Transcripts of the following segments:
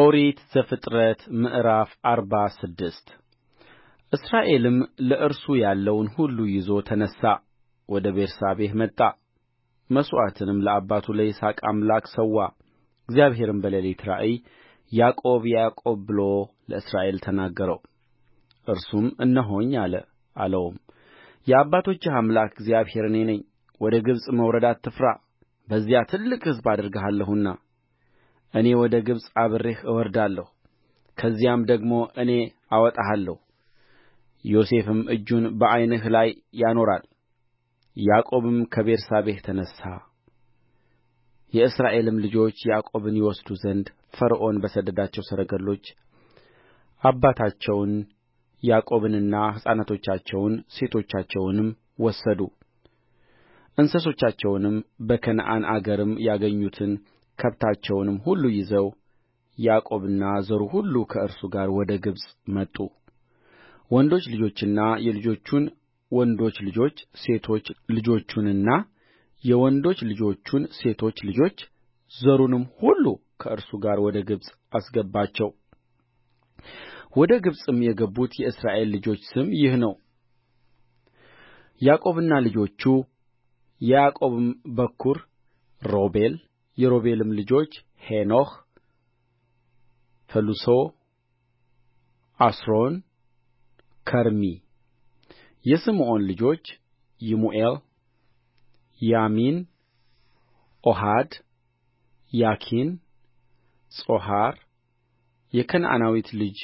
ኦሪት ዘፍጥረት ምዕራፍ አርባ ስድስት እስራኤልም ለእርሱ ያለውን ሁሉ ይዞ ተነሣ ወደ ቤርሳቤህ መጣ መሥዋዕትንም ለአባቱ ለይስሐቅ አምላክ ሠዋ እግዚአብሔርም በሌሊት ራእይ ያዕቆብ ያዕቆብ ብሎ ለእስራኤል ተናገረው እርሱም እነሆኝ አለ አለውም የአባቶችህ አምላክ እግዚአብሔር እኔ ነኝ ወደ ግብፅ መውረድ አትፍራ በዚያ ትልቅ ሕዝብ አደርግሃለሁና እኔ ወደ ግብፅ አብሬህ እወርዳለሁ ከዚያም ደግሞ እኔ አወጣሃለሁ ዮሴፍም እጁን በዓይንህ ላይ ያኖራል ያዕቆብም ከቤርሳቤህ ተነሣ የእስራኤልም ልጆች ያዕቆብን ይወስዱ ዘንድ ፈርዖን በሰደዳቸው ሰረገሎች አባታቸውን ያዕቆብንና ሕፃናቶቻቸውን ሴቶቻቸውንም ወሰዱ እንስሶቻቸውንም በከነዓን አገርም ያገኙትን ከብታቸውንም ሁሉ ይዘው ያዕቆብና ዘሩ ሁሉ ከእርሱ ጋር ወደ ግብፅ መጡ ወንዶች ልጆቹንና የልጆቹን ወንዶች ልጆች ሴቶች ልጆቹንና የወንዶች ልጆቹን ሴቶች ልጆች ዘሩንም ሁሉ ከእርሱ ጋር ወደ ግብፅ አስገባቸው ወደ ግብፅም የገቡት የእስራኤል ልጆች ስም ይህ ነው ያዕቆብና ልጆቹ የያዕቆብም በኵር ሮቤል የሮቤልም ልጆች ሄኖኅ ፈሉሶ አስሮን ከርሚ የስምዖን ልጆች ይሙኤል ያሚን ኦሃድ ያኪን ጾሐር የከነዓናዊት ልጅ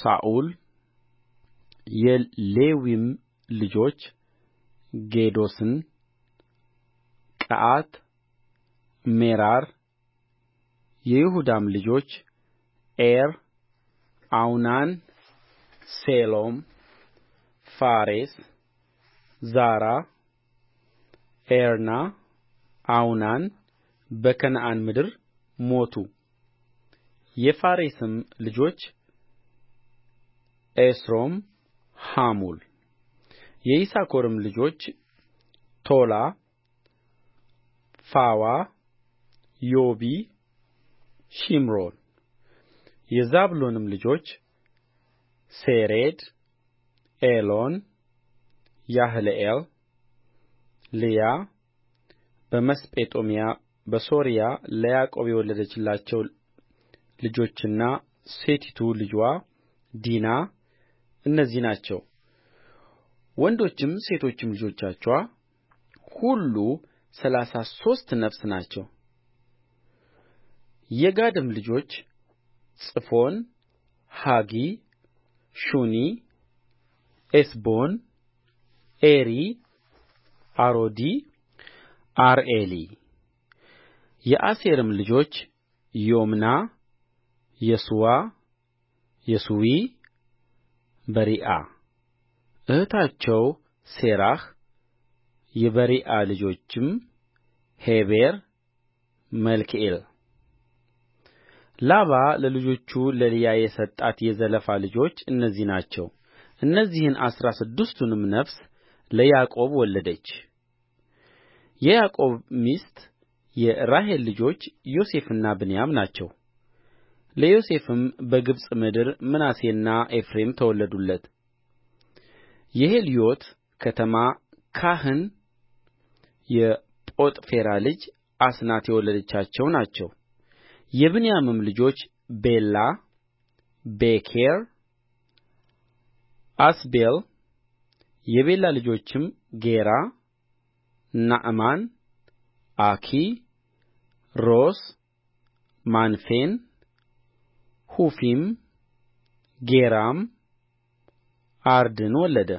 ሳኡል የሌዊም ልጆች ጌዶስን ቀዓት ሜራር የይሁዳም ልጆች ዔር አውናን ሴሎም ፋሬስ ዛራ ዔርና አውናን በከነዓን ምድር ሞቱ የፋሬስም ልጆች ኤስሮም ሐሙል የይሳኮርም ልጆች ቶላ ፉዋ ዮቢ ሺምሮን የዛብሎንም ልጆች ሴሬድ ኤሎን ያህልኤል ልያ በመስጴጦምያ በሶርያ ለያዕቆብ የወለደችላቸው ልጆችና ሴቲቱ ልጅዋ ዲና እነዚህ ናቸው። ወንዶችም ሴቶችም ልጆቻቸው ሁሉ ሠላሳ ሦስት ነፍስ ናቸው። የጋድም ልጆች ጽፎን ሐጊ ሹኒ ኤስቦን ኤሪ አሮዲ አርኤሊ የአሴርም ልጆች ዪምና የሱዋ የሱዊ በሪዓ እኅታቸው ሤራሕ የበሪዓ ልጆችም ሔቤር መልክኤል ላባ ለልጆቹ ለልያ የሰጣት የዘለፋ ልጆች እነዚህ ናቸው እነዚህን አሥራ ስድስቱንም ነፍስ ለያዕቆብ ወለደች የያዕቆብ ሚስት የራሔል ልጆች ዮሴፍና ብንያም ናቸው ለዮሴፍም በግብፅ ምድር ምናሴና ኤፍሬም ተወለዱለት የሄልዮት ከተማ ካህን የጶጥፌራ ልጅ አስናት የወለደቻቸው ናቸው የብንያምም ልጆች ቤላ ቤኬር አስቤል የቤላ ልጆችም ጌራ ናዕማን አኪ ሮስ ማንፌን ሑፊም ጌራም አርድን ወለደ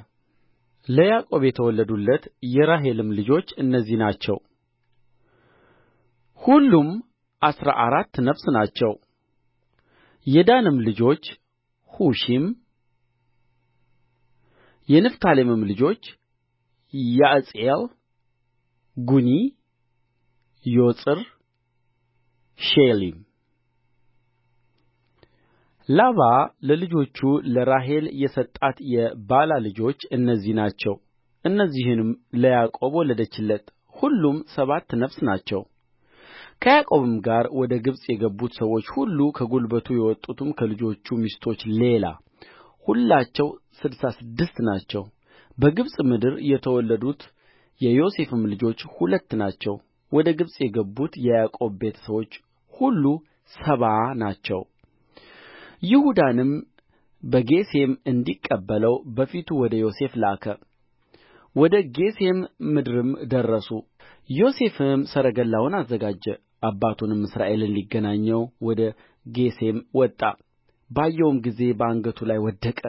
ለያዕቆብ የተወለዱለት የራሔልም ልጆች እነዚህ ናቸው ሁሉም አሥራ አራት ነፍስ ናቸው የዳንም ልጆች ሑሺም የንፍታሌምም ልጆች ያዕጽኤል ጉኒ ዬጽር ሼሊም ላባ ለልጆቹ ለራሔል የሰጣት የባላ ልጆች እነዚህ ናቸው እነዚህንም ለያዕቆብ ወለደችለት ሁሉም ሰባት ነፍስ ናቸው ከያዕቆብም ጋር ወደ ግብፅ የገቡት ሰዎች ሁሉ ከጉልበቱ የወጡትም ከልጆቹ ሚስቶች ሌላ ሁላቸው ስድሳ ስድስት ናቸው በግብፅ ምድር የተወለዱት የዮሴፍም ልጆች ሁለት ናቸው ወደ ግብፅ የገቡት የያዕቆብ ቤተ ሰዎች ሁሉ ሰባ ናቸው ይሁዳንም በጌሤም እንዲቀበለው በፊቱ ወደ ዮሴፍ ላከ ወደ ጌሤም ምድርም ደረሱ ዮሴፍም ሰረገላውን አዘጋጀ አባቱንም እስራኤልን ሊገናኘው ወደ ጌሤም ወጣ ባየውም ጊዜ በአንገቱ ላይ ወደቀ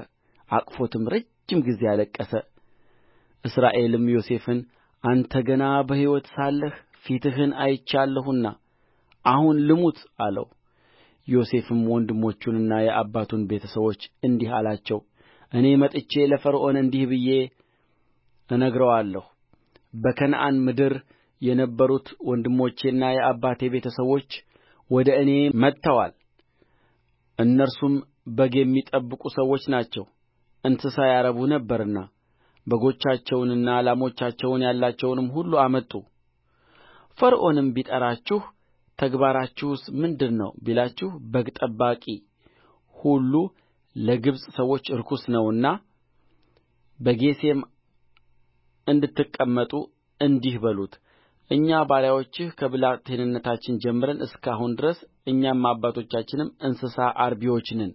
አቅፎትም ረጅም ጊዜ አለቀሰ እስራኤልም ዮሴፍን አንተ ገና በሕይወት ሳለህ ፊትህን አይቼአለሁና አሁን ልሙት አለው ዮሴፍም ወንድሞቹንና የአባቱን ቤተ እንዲህ አላቸው እኔ መጥቼ ለፈርዖን እንዲህ ብዬ እነግረዋለሁ በከነዓን ምድር የነበሩት ወንድሞቼና የአባቴ ቤተ ሰዎች ወደ እኔ መጥተዋል እነርሱም በግ የሚጠብቁ ሰዎች ናቸው እንስሳ ያረቡ ነበርና በጎቻቸውንና ላሞቻቸውን ያላቸውንም ሁሉ አመጡ ፈርዖንም ቢጠራችሁ ተግባራችሁስ ምንድር ነው ቢላችሁ በግ ጠባቂ ሁሉ ለግብፅ ሰዎች ርኩስ ነውና በጌሤም እንድትቀመጡ እንዲህ በሉት እኛ ባሪያዎችህ ከብላቴንነታችን ጀምረን እስከ አሁን ድረስ እኛም አባቶቻችንም እንስሳ አርቢዎች ነን